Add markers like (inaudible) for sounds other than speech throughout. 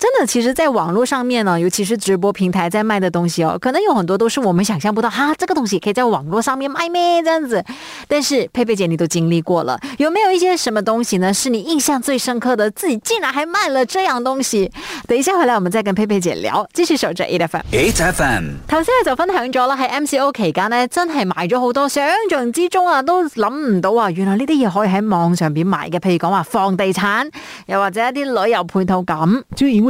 真的，其實，在網絡上面呢，尤其是直播平台在賣的東西哦，可能有很多都是我們想象不到哈、啊。這個東西可以在網絡上面賣咩？這樣子。但是佩佩姐，你都經歷過了，有沒有一些什麼東西呢？是你印象最深刻的？自己竟然還賣了這樣東西？等一下回來，我們再跟佩佩姐聊。繼續守着8 FM。8 FM。頭先呢就分享咗啦，喺 MCO 期間呢，真係買咗好多，想象之中啊都諗唔到啊，原來呢啲嘢可以喺網上邊賣嘅，譬如講話房地產，又或者一啲旅遊配套咁 (noise)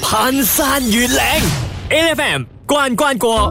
攀山越嶺，8FM 關關過。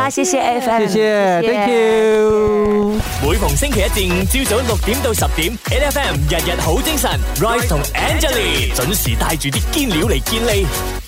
謝謝 FM，謝謝，謝，謝 Thank you。每逢星期一至五朝早六點到十點 8FM 日日好精神。Ray、right. i、right. 同 Angelina 準時帶住啲堅料嚟見你。